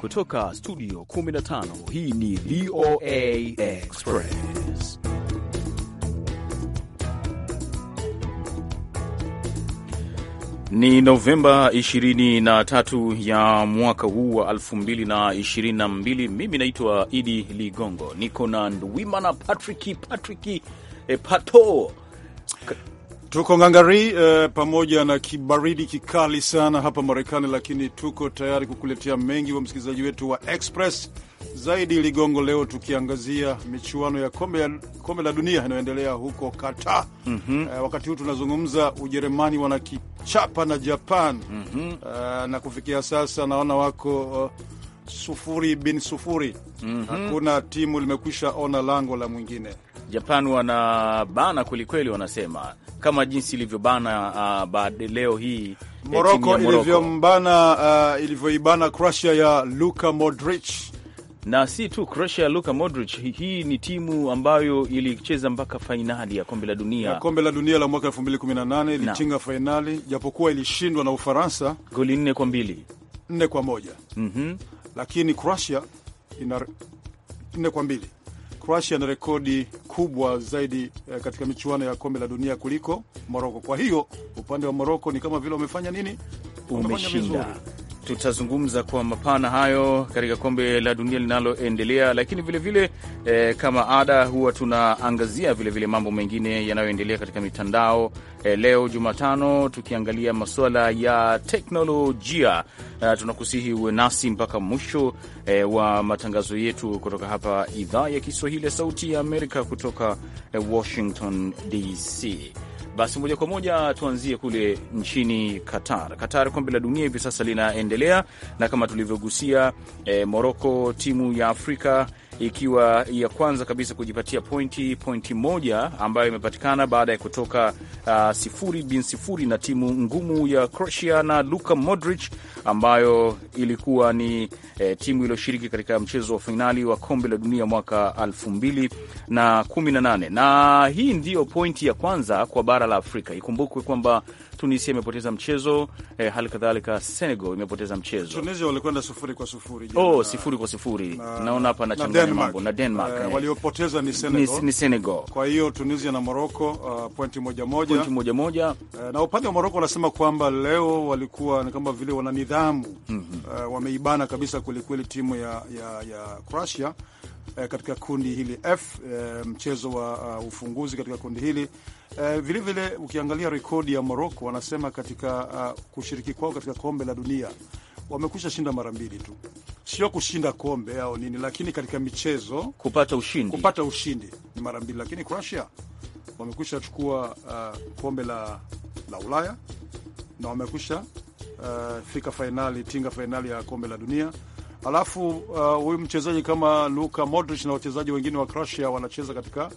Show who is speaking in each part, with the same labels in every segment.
Speaker 1: Kutoka studio 15 hii ni VOA Express. Ni Novemba 23 ya mwaka huu wa 2022. Mimi naitwa Idi Ligongo, niko na Ndwimana Patrick Patrick eh, Pato Tuko
Speaker 2: ngangari eh, pamoja na kibaridi kikali sana hapa Marekani, lakini tuko tayari kukuletea mengi wa msikilizaji wetu wa Express zaidi ligongo. Leo tukiangazia michuano ya kombe, kombe la dunia inayoendelea huko Qatar mm -hmm. Eh, wakati huu tunazungumza, Ujerumani wanakichapa na Japan mm -hmm. Eh, na kufikia sasa naona wako uh, sufuri bin sufuri mm -hmm. Hakuna timu limekwisha ona
Speaker 1: lango la mwingine. Japan wanabana kwelikweli, wanasema kama jinsi ilivyobana uh, ah, baada leo hii eh, Moroko ilivyombana
Speaker 2: uh, ah, ilivyoibana
Speaker 1: Kroatia ya Luka Modric na si tu Croatia ya Luka Modric. Hii ni timu ambayo ilicheza mpaka fainali ya kombe la dunia, kombe la dunia la mwaka 2018 ilitinga
Speaker 2: fainali, japokuwa ilishindwa na Ufaransa goli nne
Speaker 1: kwa mbili nne kwa
Speaker 2: moja mm -hmm. lakini Croatia ina nne kwa mbili Croatia na rekodi kubwa zaidi eh, katika michuano ya kombe la dunia kuliko Moroko. Kwa hiyo upande wa Moroko ni kama vile wamefanya nini, umeshinda
Speaker 1: tutazungumza kwa mapana hayo katika kombe la dunia linaloendelea, lakini vilevile vile, e, kama ada huwa tunaangazia vilevile mambo mengine yanayoendelea katika mitandao e, leo Jumatano tukiangalia masuala ya teknolojia e, tunakusihi uwe nasi mpaka mwisho e, wa matangazo yetu kutoka hapa idhaa ya Kiswahili ya Sauti ya Amerika kutoka e, Washington DC. Basi moja kwa moja tuanzie kule nchini Qatar. Qatar, kombe la dunia hivi sasa linaendelea, na kama tulivyogusia, e, eh, Moroko, timu ya Afrika ikiwa ya kwanza kabisa kujipatia pointi pointi moja ambayo imepatikana baada ya kutoka uh, sifuri bin sifuri na timu ngumu ya Croatia na Luka Modric ambayo ilikuwa ni eh, timu iliyoshiriki katika mchezo wa fainali wa kombe la dunia mwaka 218 na na hii ndiyo pointi ya kwanza kwa bara la Afrika. Ikumbukwe kwamba Tunisia imepoteza mchezo eh, hali kadhalika Senegal imepoteza mchezo. Tunisia
Speaker 2: walikwenda sifuri kwa sifuri,
Speaker 1: oh, sifuri kwa sifuri. Naona hapa nachanganya mambo na Denmark, eh, eh.
Speaker 2: waliopoteza ni Senegal. Ni Senegal. Kwa hiyo Tunisia na Morocco uh, pointi moja moja, pointi moja moja. Uh, na upande wa Morocco wanasema kwamba leo walikuwa ni kama vile wana nidhamu mm -hmm. uh, wameibana kabisa kwelikweli timu ya, ya, ya Croatia uh, katika kundi hili F uh, mchezo wa uh, ufunguzi katika kundi hili Eh, vile vile ukiangalia rekodi ya Moroko wanasema katika uh, kushiriki kwao katika kombe la dunia wamekwisha shinda mara mbili tu, sio kushinda kombe au nini, lakini katika michezo
Speaker 1: kupata ushindi, kupata
Speaker 2: ushindi ni mara mbili. Lakini Croatia wamekwisha chukua uh, kombe la, la Ulaya na wamekwisha uh, fika fainali, tinga fainali ya kombe la dunia. Alafu huyu uh, mchezaji kama Luka Modric na wachezaji wengine wa Croatia wanacheza katika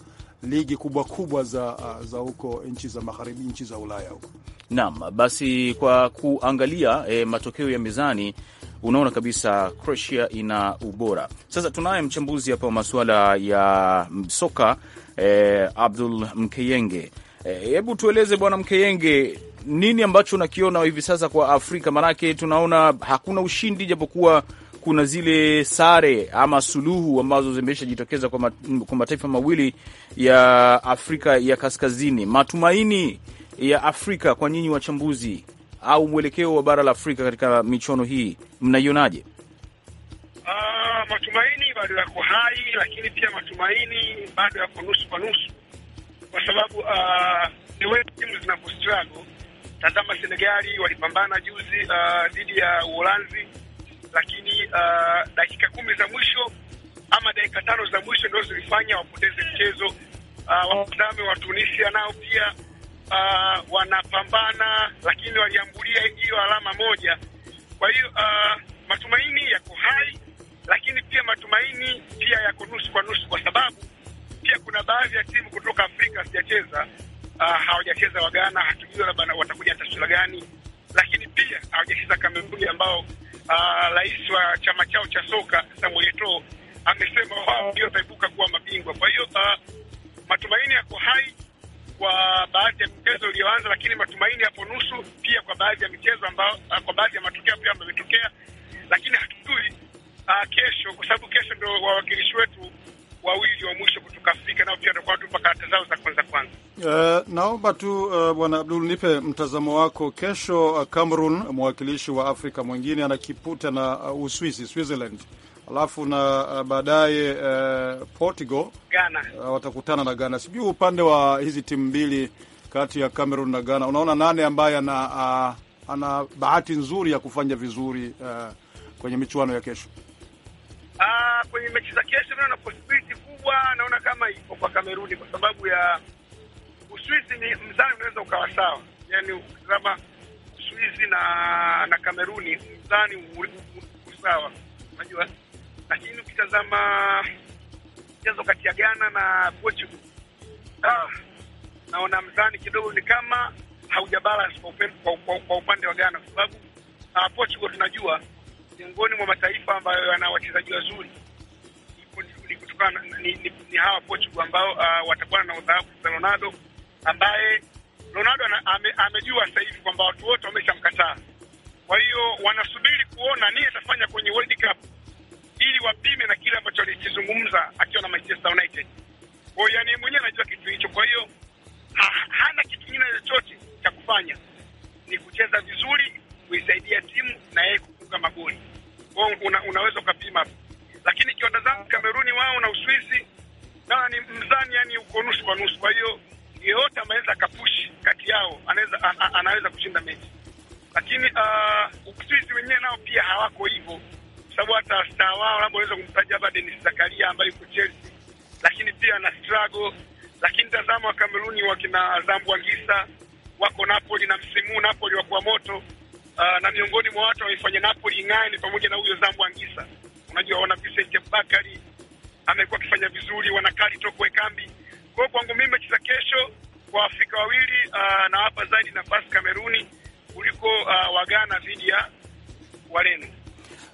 Speaker 2: ligi kubwa kubwa za uh, za huko nchi za magharibi, nchi za Ulaya huko.
Speaker 1: Naam, basi kwa kuangalia e, matokeo ya mezani unaona kabisa Croatia ina ubora. Sasa tunaye mchambuzi hapa wa masuala ya soka e, Abdul Mkeyenge. Eh, hebu e, tueleze bwana Mkeyenge, nini ambacho unakiona hivi sasa kwa Afrika? Maanake tunaona hakuna ushindi japokuwa kuna zile sare ama suluhu ambazo zimeshajitokeza kwa mataifa mawili ya Afrika ya Kaskazini. Matumaini ya Afrika kwa nyinyi wachambuzi, au mwelekeo wa bara la Afrika katika michuano hii mnaionaje? Uh, matumaini bado yako hai, lakini pia matumaini
Speaker 3: bado yako nusu kwa nusu, kwa sababu ah, the way teams zinapo struggle. Tazama Senegali walipambana juzi uh, dhidi ya Uholanzi lakini uh, dakika kumi za mwisho ama dakika tano za mwisho ndio zilifanya wapoteze mchezo. Uh, wa Tunisia nao pia uh, wanapambana, lakini waliambulia hiyo alama moja. Kwa hiyo uh, matumaini yako hai, lakini pia matumaini pia yako nusu kwa nusu, kwa sababu pia kuna baadhi ya timu kutoka Afrika sijacheza uh, hawajacheza Wagana, hatujui labda watakuja taswira gani, lakini pia hawajacheza Kameruni ambao Ah, rais wa chama chao cha soka Samuel Eto amesema wao ndio wataibuka kuwa mabingwa. Kwa hiyo ah, matumaini yako hai kwa baadhi ya michezo iliyoanza, lakini matumaini yapo nusu pia kwa baadhi ya michezo ambao, ah, kwa baadhi ya matokeo pia ambayo yametokea, lakini hatujui kesho, kwa sababu kesho ndio wawakilishi wetu wawili wa mwisho kutoka Afrika nao pia watakuwa tupa
Speaker 2: karata zao za kwanza kwanza. Uh, naomba tu uh, Bwana Abdul nipe mtazamo wako kesho. Uh, Cameroon mwakilishi wa Afrika mwingine anakiputa na uh, Uswisi, Switzerland, alafu na uh, baadaye uh, Portugal Ghana. Uh, watakutana na Ghana. Sijui upande wa hizi timu mbili kati ya Cameroon na Ghana, unaona nane ambaye ana, uh, ana bahati nzuri ya kufanya vizuri uh, kwenye michuano ya kesho?
Speaker 3: Uh, kwenye mechi za kesho kubwa naona kama ipo kwa Kameruni kwa sababu ya Uswizi ni mzani, unaweza ukawa sawa, yaani ukitazama Uswizi na na Kameruni mzani uko sawa, unajua. Lakini ukitazama mchezo kati ya Ghana na Portugal, ah, naona mzani kidogo ni kama haujabalance kwa upande wa Ghana kwa sababu uh, Portugal tunajua miongoni mwa mataifa ambayo yana wachezaji wazuri kutokana ni, ni, ni hawa Portugal ambao uh, watakuwa na udhaifu za Ronaldo ambaye Ronaldo ame, amejua sasa hivi kwamba watu wote wameshamkataa. Kwa hiyo wanasubiri kuona nini atafanya kwenye World Cup ili wapime na kile ambacho alikizungumza akiwa na Manchester United. Kwa hiyo yani mwenyewe anajua kitu hicho, kwa hiyo ha, hana kitu kingine chochote cha kufanya, ni kucheza vizuri, kuisaidia timu na yeye kufunga magoli. Kwa hiyo una, unaweza yani, ni uko nusu kwa nusu. Kwa hiyo yeyote anaweza akapush kati yao anaweza an, an, anaweza kushinda mechi, lakini uh, Uswisi wenyewe nao pia hawako hivyo, sababu hata star wao labda unaweza kumtaja hapa Denis Zakaria ambaye yuko Chelsea, lakini pia ana struggle. Lakini tazama wa Kameruni wakina Zambu Angisa wako Napoli na msimu Napoli wakuwa moto uh, na miongoni mwa watu wamefanya Napoli ing'ae ni pamoja na huyo Zambu Angisa. Unajua wana Vincent Bakari amekuwa akifanya vizuri, wanakali tokwe kambi. Kwa hiyo kwangu mimi mechi za kesho kwa Waafrika wawili uh, na hapa zaidi nafasi Kameruni kuliko uh, Wagana dhidi ya
Speaker 1: Wareno.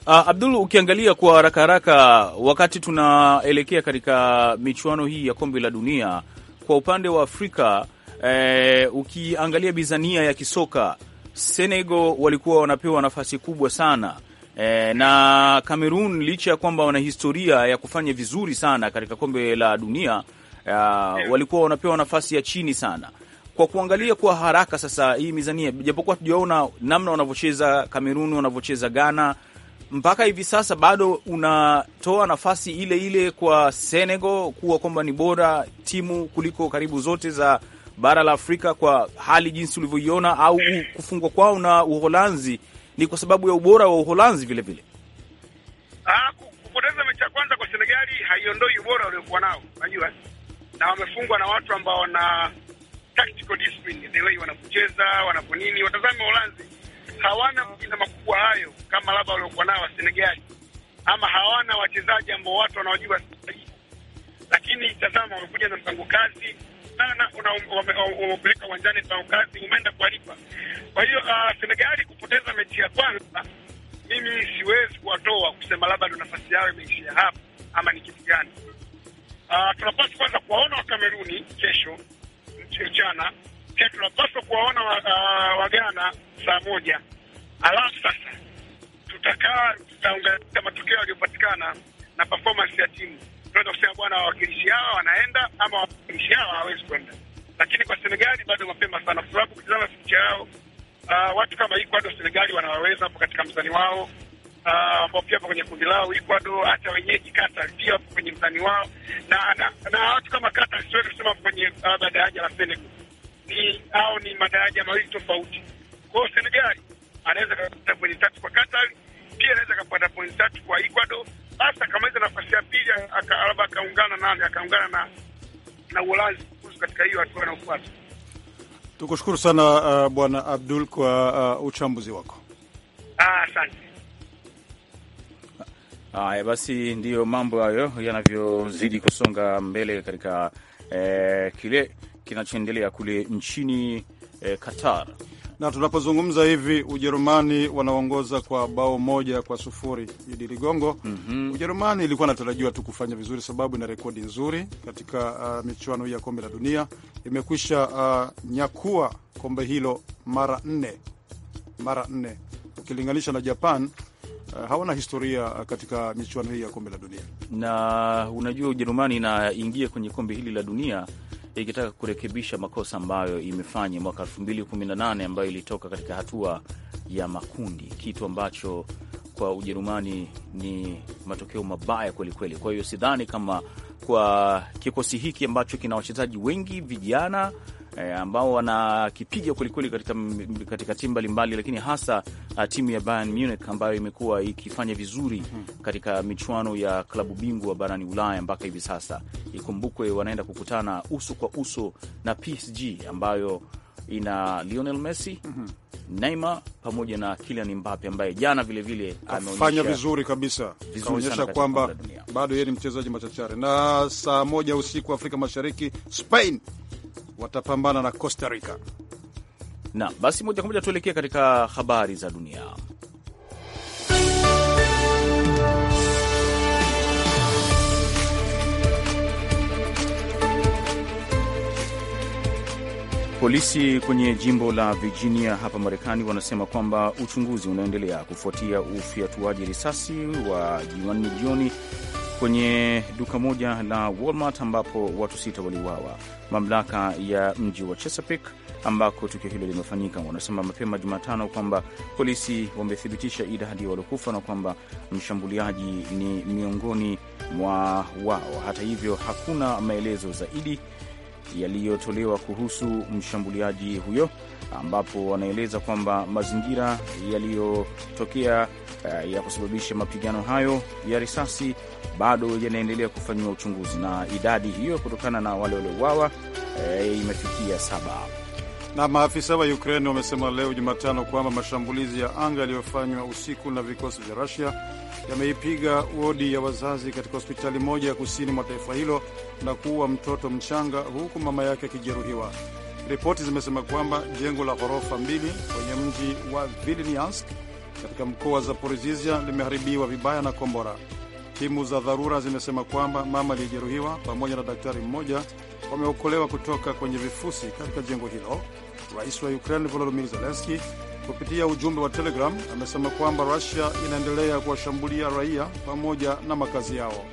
Speaker 1: Uh, Abdul, ukiangalia kwa haraka haraka, wakati tunaelekea katika michuano hii ya kombe la dunia kwa upande wa Afrika eh, ukiangalia bizania ya kisoka Senegal walikuwa wanapewa nafasi kubwa sana E, na Cameroon licha ya kwamba wana historia ya kufanya vizuri sana katika kombe la dunia e, walikuwa wanapewa nafasi ya chini sana. Kwa kuangalia kwa haraka sasa hii mizania, japokuwa tujaona namna wanavyocheza Cameroon, wanavyocheza Ghana mpaka hivi sasa, bado unatoa nafasi ile ile kwa Senegal kuwa kwamba ni bora timu kuliko karibu zote za bara la Afrika kwa hali jinsi ulivyoiona, au kufungwa kwao na Uholanzi ni kwa sababu ya ubora wa Uholanzi vile vile? Ah,
Speaker 3: kupoteza mechi ya kwanza kwa Senegali haiondoi ubora waliokuwa nao, unajua, na wamefungwa na watu ambao wana tactical discipline, the way wanapocheza wanaponini. Watazame Uholanzi, hawana majina makubwa hayo kama labda waliokuwa nao wa Senegali, ama hawana wachezaji ambao watu wanawajua, lakini tazama, wamekuja na mpango kazi sana, unaupeleka uwanjani na ukazi umeenda kuwalipa. Kwa hiyo uh, Senegali kupoteza mechi ya kwanza, mimi siwezi kuwatoa kusema labda ndo nafasi yao imeishia hapa ama ni kitu gani. Uh, tunapaswa kwanza kuwaona Wakameruni kesho mchana, pia tunapaswa kuwaona Wagana wa ah, saa moja, alafu sasa tutakaa tutaunganisha matokeo yaliyopatikana na performance ya timu tunaweza kusema bwana, wawakilishi hawa wanaenda ama wawakilishi hawa hawawezi kwenda, lakini kwa Senegali bado mapema sana, kwa sababu ukitizama picha yao uh, watu kama Ecuador Senegali wanawaweza hapo katika mzani wao ah, ambao uh, pia hapo kwenye kundi lao Ecuador, hata wenyeji Qatar pia hapo kwenye mzani wao, na na, na watu kama Qatar siwezi kusema kwenye uh, ah, daraja la Senegal ni au ni madaraja mawili tofauti. Kwa hiyo Senegali anaweza kupata pointi tatu kwa Qatar, pia anaweza kupata pointi tatu kwa Ecuador, hasa kama nafasi ya labda akaungana nani, akaungana na na Uholanzi katika hiyo hatua inayofuata.
Speaker 2: Tukushukuru sana uh, Bwana Abdul kwa uh, uchambuzi wako ah, asante.
Speaker 1: Ah, Haya basi, ndiyo mambo hayo yanavyozidi kusonga mbele katika eh, kile kinachoendelea kule nchini eh, Qatar
Speaker 2: na tunapozungumza hivi Ujerumani wanaongoza kwa bao moja kwa sufuri Idi Ligongo. mm -hmm. Ujerumani ilikuwa inatarajiwa tu kufanya vizuri, sababu ina rekodi nzuri katika uh, michuano hii ya kombe la dunia. Imekwisha uh, nyakua kombe hilo mara nne, mara nne ukilinganisha na Japan uh, hawana historia uh, katika michuano hii ya kombe la dunia.
Speaker 1: Na unajua Ujerumani inaingia kwenye kombe hili la dunia ikitaka kurekebisha makosa ambayo imefanya mwaka 2018 ambayo ilitoka katika hatua ya makundi, kitu ambacho kwa Ujerumani ni matokeo mabaya kwelikweli. Kwa hiyo sidhani kama kwa kikosi hiki ambacho kina wachezaji wengi vijana e, ambao wanakipiga kwelikweli katika, katika timu mbalimbali, lakini hasa a, ah, timu ya Bayern Munich ambayo imekuwa ikifanya vizuri katika michuano ya klabu bingwa barani Ulaya mpaka hivi sasa. Ikumbukwe wanaenda kukutana uso kwa uso na PSG ambayo ina Lionel Messi mm -hmm. Neymar pamoja na Kylian Mbappe ambaye jana vilevile amefanya vizuri
Speaker 2: kabisa, kaonyesha kwamba
Speaker 1: bado yeye ni mchezaji machachari.
Speaker 2: Na saa moja usiku
Speaker 1: Afrika Mashariki, Spain watapambana na Costa Rica. Na basi moja kwa moja tuelekee katika habari za dunia. Polisi kwenye jimbo la Virginia hapa Marekani wanasema kwamba uchunguzi unaendelea kufuatia ufyatuaji risasi wa Jumanne jioni kwenye duka moja la Walmart ambapo watu sita waliuawa. Mamlaka ya mji wa Chesapeake ambako tukio hilo limefanyika wanasema mapema Jumatano kwamba polisi wamethibitisha idadi ya waliokufa na kwamba mshambuliaji ni miongoni mwa wao. Hata hivyo, hakuna maelezo zaidi yaliyotolewa kuhusu mshambuliaji huyo ambapo wanaeleza kwamba mazingira yaliyotokea uh, ya kusababisha mapigano hayo ya risasi bado yanaendelea kufanyiwa uchunguzi na idadi hiyo kutokana na wale waliouawa uh, imefikia saba. Na maafisa wa Ukraine
Speaker 2: wamesema leo Jumatano kwamba mashambulizi ya anga yaliyofanywa usiku na vikosi vya rasia yameipiga wodi ya wazazi katika hospitali moja ya kusini mwa taifa hilo na kuua mtoto mchanga huku mama yake akijeruhiwa. Ripoti zimesema kwamba jengo la ghorofa mbili kwenye mji wa vilniansk katika mkoa wa Zaporizhia limeharibiwa vibaya na kombora. Timu za dharura zimesema kwamba mama aliyejeruhiwa pamoja na daktari mmoja wameokolewa kutoka kwenye vifusi katika jengo hilo. Rais wa Ukraine Volodymyr Zelensky kupitia ujumbe wa Telegram amesema kwamba Russia inaendelea kuwashambulia raia pamoja na makazi yao.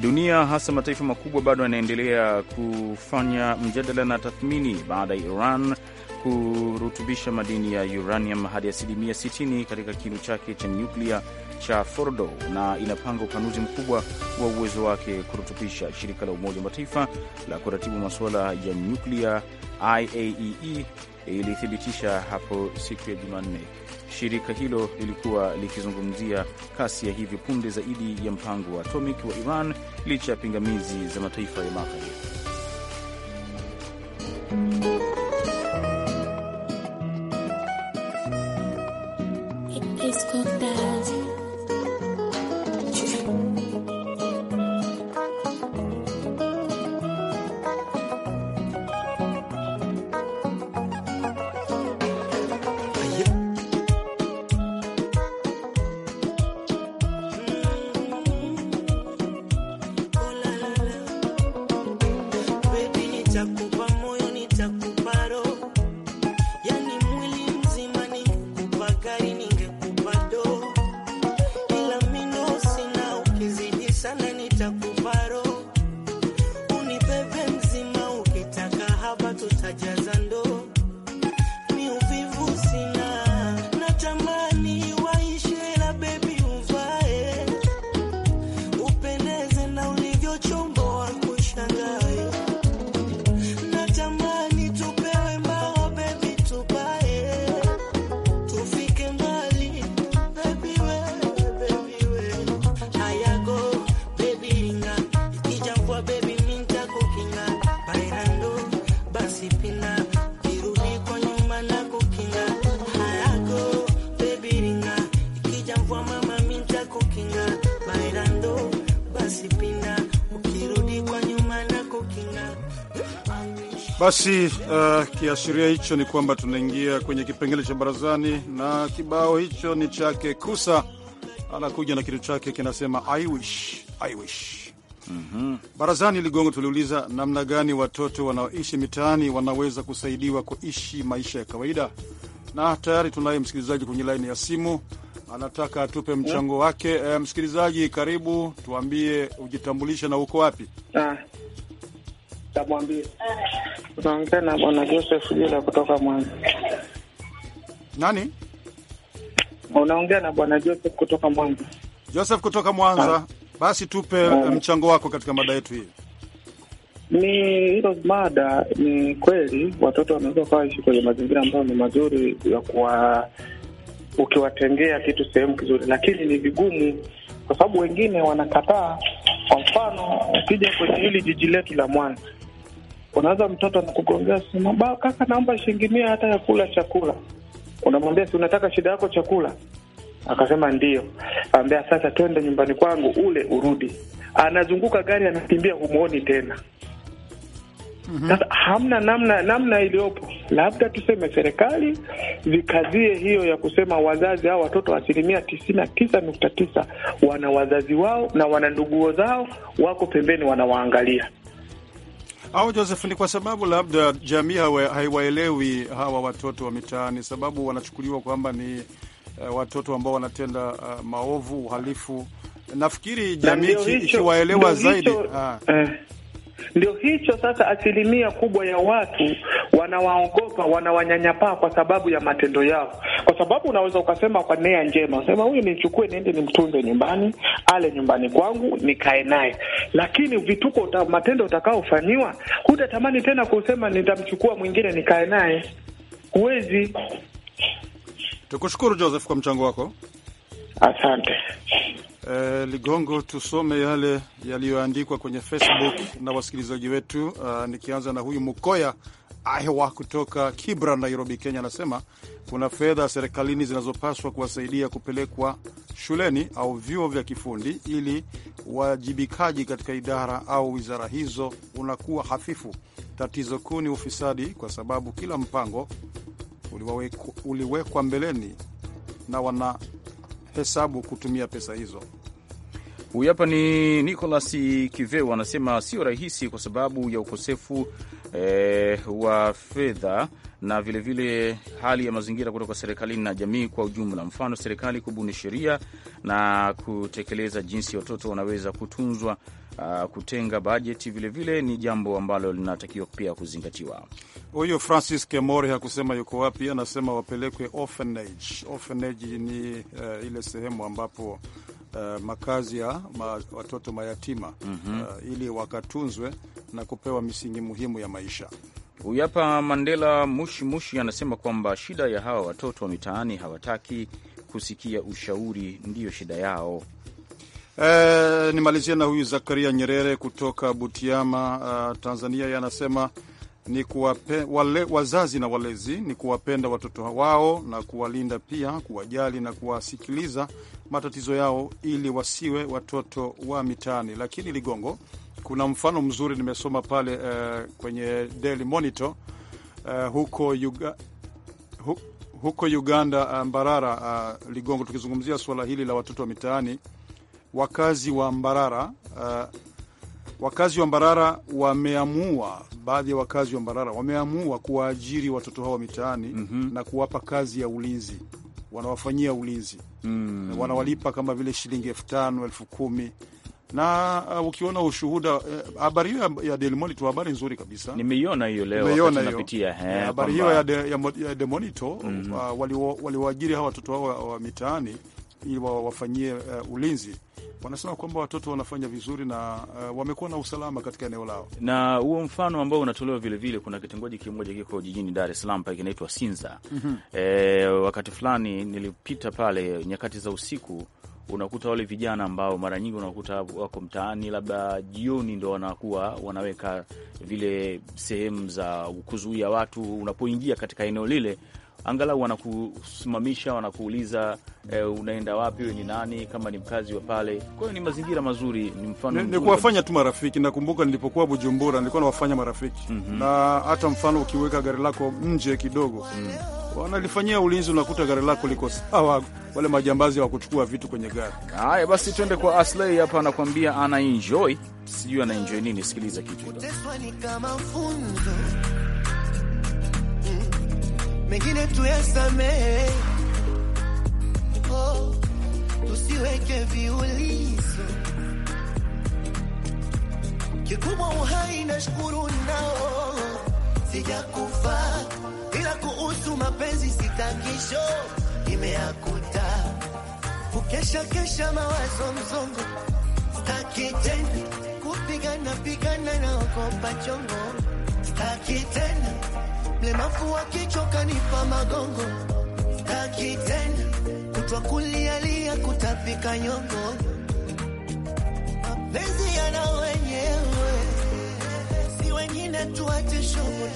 Speaker 1: Dunia hasa mataifa makubwa bado yanaendelea kufanya mjadala na tathmini baada ya Iran kurutubisha madini ya uranium hadi asilimia 60 katika kinu chake cha nyuklia cha Fordo na inapanga upanuzi mkubwa wa uwezo wake kurutubisha. Shirika la Umoja wa Mataifa la kuratibu masuala ya nyuklia IAEA e e, ilithibitisha hapo siku ya Jumanne Shirika hilo lilikuwa likizungumzia kasi ya hivi punde zaidi ya mpango wa atomic wa Iran licha ya pingamizi za mataifa ya magharibi.
Speaker 2: Basi uh, kiashiria hicho ni kwamba tunaingia kwenye kipengele cha barazani, na kibao hicho ni chake Kusa, anakuja na kitu chake kinasema I wish, I wish. Mm -hmm. Barazani Ligongo tuliuliza namna gani watoto wanaoishi mitaani wanaweza kusaidiwa kuishi maisha ya kawaida, na tayari tunaye msikilizaji kwenye laini ya simu anataka atupe mchango oh. wake. E, msikilizaji karibu, tuambie ujitambulishe na uko wapi? Ah,
Speaker 4: Namwambia unaongea na bwana Joseph Jula kutoka Mwanza. Nani unaongea na bwana Joseph kutoka Mwanza?
Speaker 2: Joseph kutoka Mwanza, ah. basi tupe ah. eh, mchango wako katika mada yetu hii.
Speaker 4: Ni hilo mada, ni kweli watoto wanaweza ishi kwenye mazingira ambayo ni mazuri ya kuwa ukiwatengea kitu sehemu kizuri, lakini ni vigumu kwa sababu wengine wanakataa. Kwa mfano, ukija kwenye hili jiji letu la Mwanza Unaanza mtoto anakugongea, sema ba kaka, naomba shilingi mia hata ya kula chakula. Unamwambia si unataka shida yako chakula? Akasema ndio. Ambia sasa twende nyumbani kwangu ule urudi. Anazunguka gari, anakimbia, humwoni tena. Mm -hmm. Sasa hamna namna, namna iliyopo labda tuseme serikali zikazie hiyo ya kusema wazazi au watoto asilimia tisini na tisa nukta tisa wana wazazi wao na wana nduguo zao wako pembeni wanawaangalia
Speaker 2: au Joseph, ni kwa sababu labda jamii haiwaelewi hawa watoto wa mitaani, sababu wanachukuliwa kwamba ni uh, watoto ambao wanatenda uh, maovu, uhalifu.
Speaker 4: Nafikiri jamii ikiwaelewa zaidi hicho, ah. eh. Ndio hicho sasa, asilimia kubwa ya watu wanawaogopa, wanawanyanyapaa kwa sababu ya matendo yao, kwa sababu unaweza ukasema kwa nia njema, unasema huyu nichukue, niende nimtunze nyumbani, ale nyumbani kwangu, nikae naye, lakini vituko uta, matendo utakaofanyiwa hutatamani tena kusema nitamchukua mwingine nikae naye, huwezi.
Speaker 2: Tukushukuru Joseph kwa mchango wako, asante. Eh, Ligongo, tusome yale yaliyoandikwa kwenye Facebook na wasikilizaji wetu. Uh, nikianza na huyu Mukoya Ahewa kutoka Kibra, Nairobi, Kenya, anasema kuna fedha serikalini zinazopaswa kuwasaidia kupelekwa shuleni au vyuo vya kifundi ili wajibikaji katika idara au wizara hizo unakuwa hafifu. Tatizo kuu ni ufisadi, kwa sababu kila mpango uliwekwa mbeleni na wanahesabu kutumia pesa hizo.
Speaker 1: Huyu hapa ni Nicolas Kiveu anasema sio rahisi kwa sababu ya ukosefu eh, wa fedha na vilevile vile hali ya mazingira kutoka serikalini na jamii kwa ujumla. Mfano, serikali kubuni sheria na kutekeleza jinsi watoto wanaweza kutunzwa. Uh, kutenga bajeti vilevile ni jambo ambalo linatakiwa pia kuzingatiwa. Huyu
Speaker 2: Francis Kemori hakusema yuko wapi, anasema wapelekwe orphanage. Orphanage ni uh, ile sehemu ambapo uh, makazi ya ma, watoto mayatima mm -hmm. uh, ili wakatunzwe na kupewa misingi muhimu ya maisha.
Speaker 1: Huyu hapa Mandela Mushi Mushi anasema kwamba shida ya hawa watoto wa mitaani hawataki kusikia ushauri, ndiyo shida yao. E, eh, nimalizia na huyu Zakaria Nyerere kutoka Butiama, uh,
Speaker 2: Tanzania. Yanasema ni kuwape, wale, wazazi na walezi ni kuwapenda watoto wao na kuwalinda pia kuwajali na kuwasikiliza matatizo yao ili wasiwe watoto wa mitaani. Lakini Ligongo, kuna mfano mzuri nimesoma pale uh, kwenye Daily Monitor uh, huko, Uga, hu, huko Uganda eh, Mbarara. Uh, Ligongo, tukizungumzia suala hili la watoto wa mitaani, wakazi wa Mbarara uh, Wakazi wa Mbarara wameamua, baadhi ya wakazi wa Mbarara wameamua kuwaajiri watoto hao wa mitaani mm -hmm. na kuwapa kazi ya ulinzi, wanawafanyia ulinzi
Speaker 5: mm -hmm. wanawalipa
Speaker 2: kama vile shilingi elfu tano elfu kumi na uh, ukiona ushuhuda eh, habari uh, hiyo ya Daily Monitor, habari nzuri kabisa.
Speaker 1: Nimeiona hiyo leo napitia eh, eh, habari hiyo ya
Speaker 2: Daily Monitor. Mhm. Uh, waliwaajiri hawa watoto hao wa mitaani ili wawafanyie uh, eh, ulinzi wanasema kwamba watoto wanafanya vizuri na uh, wamekuwa na usalama katika eneo lao.
Speaker 1: Na huo mfano ambao unatolewa vilevile, kuna kitongoji kimoja kiko jijini Dar es Salaam pale kinaitwa Sinza. mm -hmm. E, wakati fulani nilipita pale nyakati za usiku, unakuta wale vijana ambao mara nyingi unakuta wako mtaani, labda jioni ndo wanakuwa wanaweka vile sehemu za kuzuia watu unapoingia katika eneo lile angalau wanakusimamisha, wanakuuliza e, unaenda wapi, wewe ni nani, kama ni mkazi wa pale. Kwa hiyo ni mazingira mazuri, ni mfano ni kuwafanya
Speaker 2: tu marafiki. Nakumbuka nilipokuwa Bujumbura nilikuwa nawafanya marafiki mm -hmm. na hata mfano ukiweka gari lako nje kidogo mm wanalifanyia
Speaker 1: ulinzi, unakuta gari lako liko sawa, wale majambazi kuchukua vitu kwenye gari. Haya basi, twende kwa Aslei hapa, anakuambia enjoy, sijui enjoy nini. Sikiliza kitu
Speaker 6: mengine tuyasamehe, oh, tusiweke viulizo. Kikubwa uhai na shukuru nao, sijakufa ila kuhusu mapenzi sitakisho imeakuta kukesha kesha mawazo mzongo staki tena kupigana pigana na okopa chongo staki tena mlemavu akichoka nipa magongo, taki tena kutwa kulialia kutapika nyongo, mapenzi yana wenyewe, si wengine tuache shughuli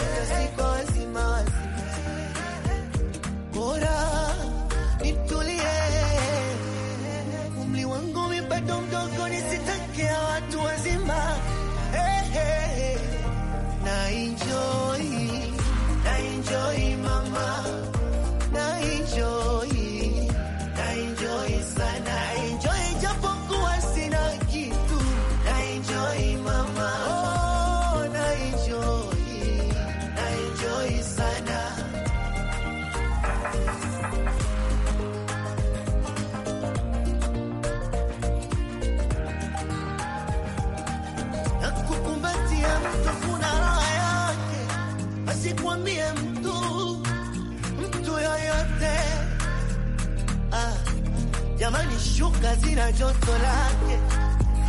Speaker 6: shuka zina joto lake,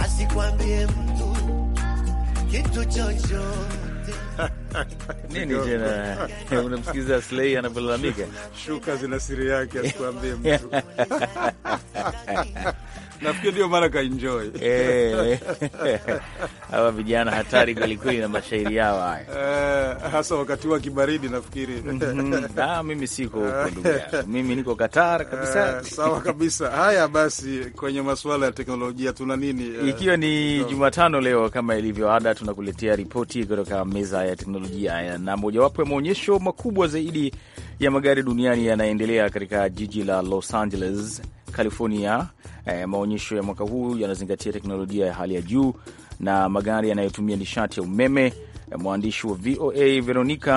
Speaker 6: asikwambie mtu kitu chochote.
Speaker 1: Nini tena? Unamsikiza Slei anapolalamika,
Speaker 2: shuka zina siri yake, asikwambie mtu Nafikiri ndio
Speaker 1: maana kaenjoy eh. hawa vijana hatari kwelikweli na mashairi yao haya,
Speaker 2: eh, hasa wakati wa kibaridi. Nafikiri mhm.
Speaker 1: ah, mimi siko huko ndugu eh. mimi niko katar kabisa. Sawa
Speaker 2: kabisa. Haya basi, kwenye masuala ya teknolojia tuna nini? Ikiwa ni
Speaker 1: Jumatano leo, kama ilivyo ada, tunakuletea ripoti kutoka meza ya teknolojia, na mojawapo ya maonyesho makubwa zaidi ya magari duniani yanaendelea katika jiji la Los Angeles California. Eh, maonyesho ya mwaka huu yanazingatia teknolojia ya hali ya juu na magari yanayotumia nishati ya umeme. Eh, mwandishi wa VOA Veronica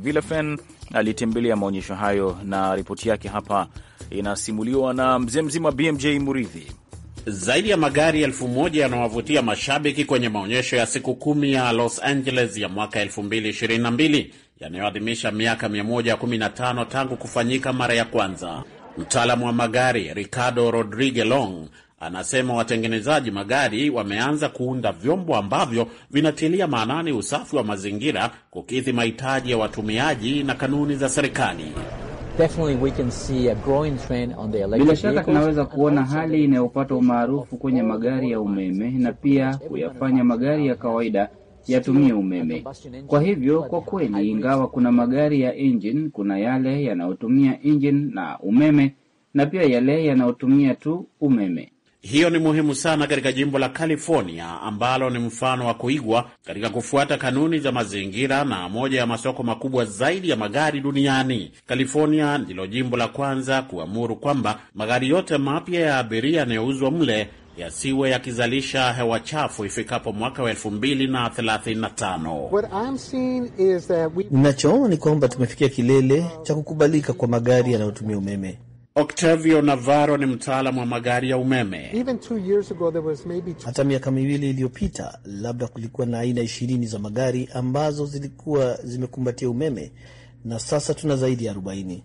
Speaker 1: Villafen alitembelea maonyesho hayo na ripoti yake hapa inasimuliwa na mzee mzima BMJ Muridhi. Zaidi
Speaker 5: ya magari elfu moja yanawavutia mashabiki kwenye maonyesho ya siku kumi ya Los Angeles ya mwaka 2022 yanayoadhimisha miaka 115 tangu kufanyika mara ya kwanza. Mtaalamu wa magari Ricardo Rodrigue Long anasema watengenezaji magari wameanza kuunda vyombo ambavyo vinatilia maanani usafi wa mazingira, kukidhi mahitaji ya watumiaji na kanuni za serikali.
Speaker 7: Bila shaka tunaweza kuona hali inayopata umaarufu
Speaker 1: kwenye magari ya umeme na pia kuyafanya magari ya kawaida yatumie umeme. Kwa hivyo kwa kweli, ingawa kuna magari ya injini, kuna yale yanayotumia injini na umeme na pia yale yanayotumia tu umeme.
Speaker 5: Hiyo ni muhimu sana katika jimbo la California ambalo ni mfano wa kuigwa katika kufuata kanuni za mazingira na moja ya masoko makubwa zaidi ya magari duniani. California ndilo jimbo la kwanza kuamuru kwamba magari yote mapya ya abiria yanayouzwa mle yasiwe yakizalisha hewa chafu ifikapo mwaka wa 2035.
Speaker 6: Ninachoona ni kwamba tumefikia kilele cha kukubalika kwa magari yanayotumia umeme.
Speaker 5: Octavio Navarro ni mtaalamu wa magari ya umeme.
Speaker 6: Hata miaka miwili iliyopita, labda kulikuwa na aina ishirini za magari ambazo zilikuwa zimekumbatia umeme na sasa tuna zaidi ya arobaini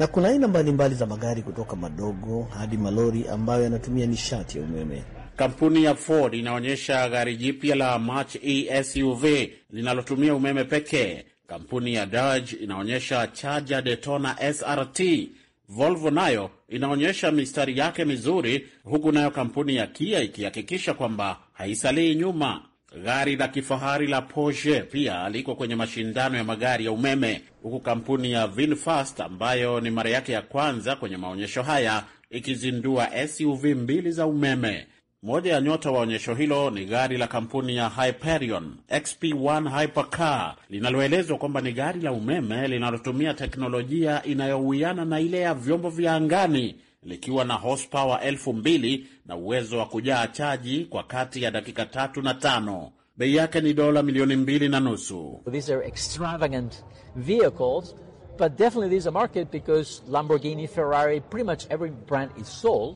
Speaker 6: na kuna aina mbalimbali za magari kutoka madogo hadi malori ambayo yanatumia nishati ya umeme.
Speaker 5: Kampuni ya Ford inaonyesha gari jipya la Mach esuv linalotumia umeme pekee. Kampuni ya Dodge inaonyesha Charger Daytona SRT. Volvo nayo inaonyesha mistari yake mizuri, huku nayo kampuni ya Kia ikihakikisha kwamba haisalii nyuma. Gari la kifahari la Porsche pia liko kwenye mashindano ya magari ya umeme, huku kampuni ya VinFast ambayo ni mara yake ya kwanza kwenye maonyesho haya ikizindua SUV mbili za umeme. Moja ya nyota wa onyesho hilo ni gari la kampuni ya Hyperion XP1 Hypercar linaloelezwa kwamba ni gari la umeme linalotumia teknolojia inayowiana na ile ya vyombo vya angani likiwa na horsepower elfu mbili na uwezo wa kujaa chaji kwa kati ya dakika tatu na tano. Bei yake ni dola milioni mbili na
Speaker 1: nusu.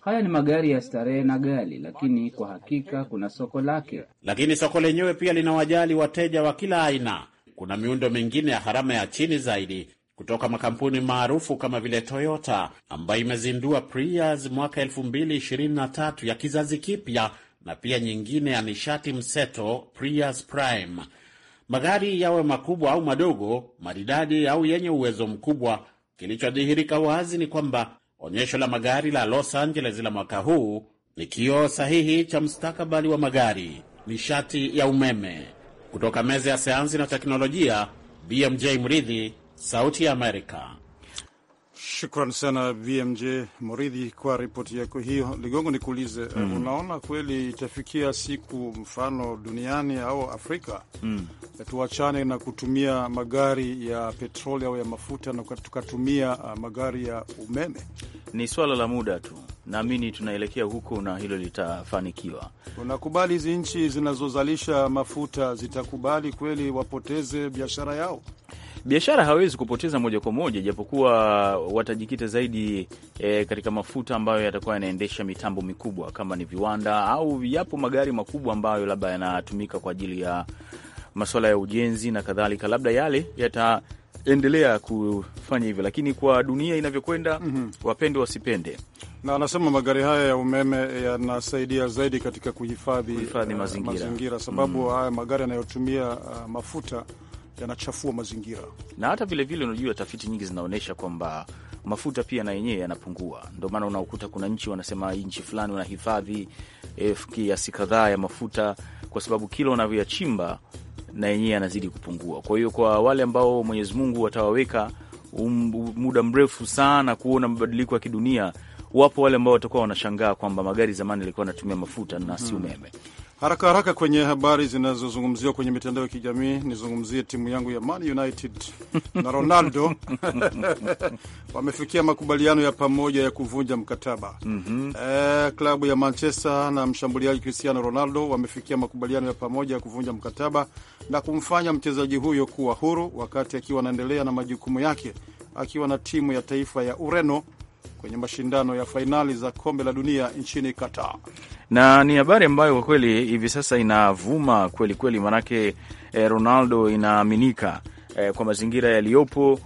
Speaker 1: Haya ni magari ya starehe na gali, lakini kwa hakika kuna soko lake.
Speaker 5: Lakini soko lenyewe pia linawajali wateja wa kila aina. Kuna miundo mingine ya gharama ya chini zaidi kutoka makampuni maarufu kama vile Toyota ambayo imezindua Prius mwaka 2023 ya kizazi kipya na pia nyingine ya nishati mseto Prius Prime. Magari yawe makubwa au madogo, maridadi au yenye uwezo mkubwa, kilichodhihirika wazi ni kwamba onyesho la magari la Los Angeles la mwaka huu ni kioo sahihi cha mstakabali wa magari, nishati ya umeme. Kutoka meza ya sayansi na teknolojia, BMJ Mridhi Sauti ya Amerika.
Speaker 2: Shukran sana BMJ Moridhi kwa ripoti yako hiyo. Ligongo, nikuulize, eh, mm. -hmm. unaona kweli itafikia siku mfano duniani au Afrika mm. Eh, tuachane na kutumia magari ya petroli au ya mafuta na tukatumia ah, magari ya
Speaker 1: umeme? Ni swala la muda tu, naamini tunaelekea huko na hilo litafanikiwa.
Speaker 2: Unakubali hizi nchi zinazozalisha mafuta zitakubali kweli wapoteze biashara yao?
Speaker 1: biashara hawezi kupoteza moja kwa moja, japokuwa watajikita zaidi e, katika mafuta ambayo yatakuwa yanaendesha mitambo mikubwa kama ni viwanda au yapo magari makubwa ambayo labda yanatumika kwa ajili ya masuala ya ujenzi na kadhalika, labda yale yata endelea kufanya hivyo, lakini kwa dunia inavyokwenda, mm -hmm. wapende wasipende,
Speaker 2: na anasema magari haya ya umeme yanasaidia
Speaker 1: zaidi katika kuhifadhi eh, mazingira, mazingira sababu mm
Speaker 2: -hmm. haya magari yanayotumia uh, mafuta yanachafua mazingira.
Speaker 1: Na hata vilevile, unajua tafiti nyingi zinaonyesha kwamba mafuta pia na yenyewe yanapungua. Ndio maana unaokuta kuna nchi wanasema nchi fulani wanahifadhi eh, kiasi kadhaa ya mafuta, kwa sababu kila wanavyoyachimba na yenyewe yanazidi kupungua. Kwa hiyo kwa wale ambao Mwenyezi Mungu watawaweka um, muda mrefu sana kuona mabadiliko ya kidunia, wapo wale ambao watakuwa wanashangaa kwamba magari zamani yalikuwa yanatumia mafuta na si hmm. umeme hmm.
Speaker 2: Haraka haraka kwenye habari zinazozungumziwa kwenye mitandao ya kijamii, nizungumzie timu yangu ya Man United
Speaker 1: na Ronaldo
Speaker 2: wamefikia makubaliano ya pamoja ya kuvunja mkataba mm -hmm. E, klabu ya Manchester na mshambuliaji Cristiano Ronaldo wamefikia makubaliano ya pamoja ya kuvunja mkataba na kumfanya mchezaji huyo kuwa huru wakati akiwa anaendelea na majukumu yake akiwa na timu ya taifa ya Ureno kwenye mashindano ya fainali za kombe la dunia nchini Qatar,
Speaker 1: na ni habari ambayo kwa kweli hivi sasa inavuma kweli kweli, maanake eh, Ronaldo inaaminika eh, kwa mazingira yaliyopo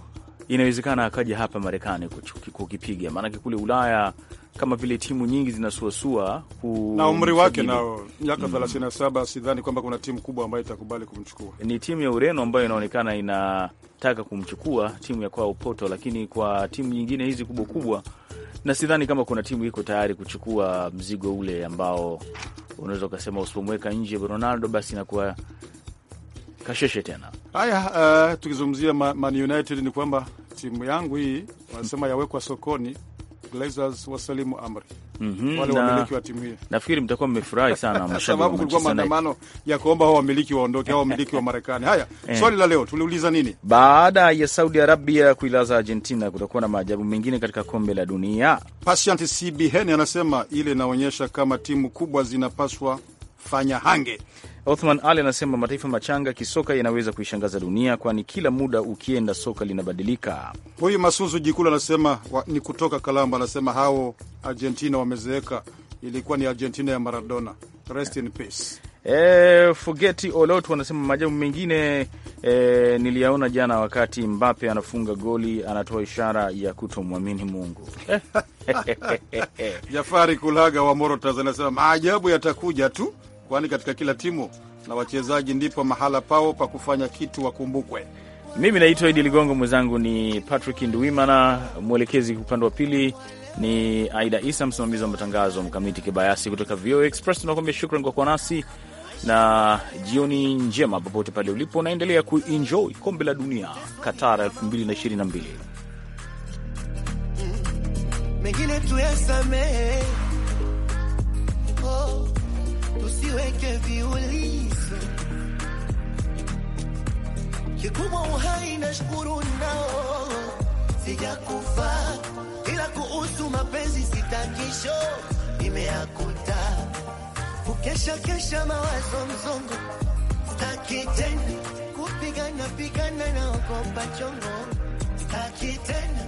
Speaker 1: inawezekana akaja hapa Marekani kukipiga, maanake kule Ulaya kama vile timu nyingi zinasuasua ku... na umri wake nao
Speaker 2: miaka mm 37, sidhani kwamba kuna timu kubwa ambayo itakubali kumchukua.
Speaker 1: Ni timu ya Ureno ambayo inaonekana inataka kumchukua, timu ya kwao Porto, lakini kwa timu nyingine hizi kubwa kubwa, na sidhani kama kuna timu iko tayari kuchukua mzigo ule ambao unaweza ukasema usipomweka nje Ronaldo basi inakuwa kasheshe tena.
Speaker 2: Haya, uh, tukizungumzia Man United ni kwamba timu yangu hii wanasema yawekwa sokoni Glazers wasalimu amri.
Speaker 1: Mm -hmm, wale wamiliki wa timu hii nafikiri mtakuwa mmefurahi sana, sababu kulikuwa maandamano
Speaker 2: ya kuomba hao wamiliki waondoke, hao wamiliki wa Marekani. Haya, eh. swali la leo tuliuliza nini?
Speaker 1: Baada ya Saudi Arabia kuilaza Argentina, kutakuwa na maajabu mengine katika kombe la dunia. Patient CBN anasema ile inaonyesha kama timu kubwa zinapaswa fanya hange. Othman Ali anasema mataifa machanga kisoka yanaweza kuishangaza dunia, kwani kila muda ukienda soka linabadilika.
Speaker 2: Huyu Masuzu Jikulu anasema ni kutoka Kalamba, anasema hao Argentina wamezeeka, ilikuwa ni Argentina ya Maradona. Rest in peace.
Speaker 1: E, eh, Fugeti Olot wanasema maajabu mengine e, niliyaona jana wakati Mbape anafunga goli, anatoa ishara ya kutomwamini Mungu.
Speaker 2: Jafari Kulaga wa Moro, Tanzania anasema maajabu yatakuja tu kwani katika kila timu na wachezaji ndipo mahala pao pa kufanya
Speaker 1: kitu wakumbukwe. Mimi naitwa Idi Ligongo, mwenzangu ni Patrick Nduwimana, mwelekezi upande wa pili ni Aida Isa, msimamizi wa matangazo Mkamiti Kibayasi kutoka VOA Express. Tunakuambia shukran kwa kuwa nasi na jioni njema popote pale ulipo, naendelea kuenjoy kombe la dunia Qatar 2022
Speaker 6: mm, mengine tuyasamehe. Oh usiweke viulizo kikubwa uhai na shukuru nao sijakufa, ila kuhusu mapenzi sitakisho imeakuta kukesha kesha mawazo mzongo staki tena kupigana pigana na okopa chongo staki tena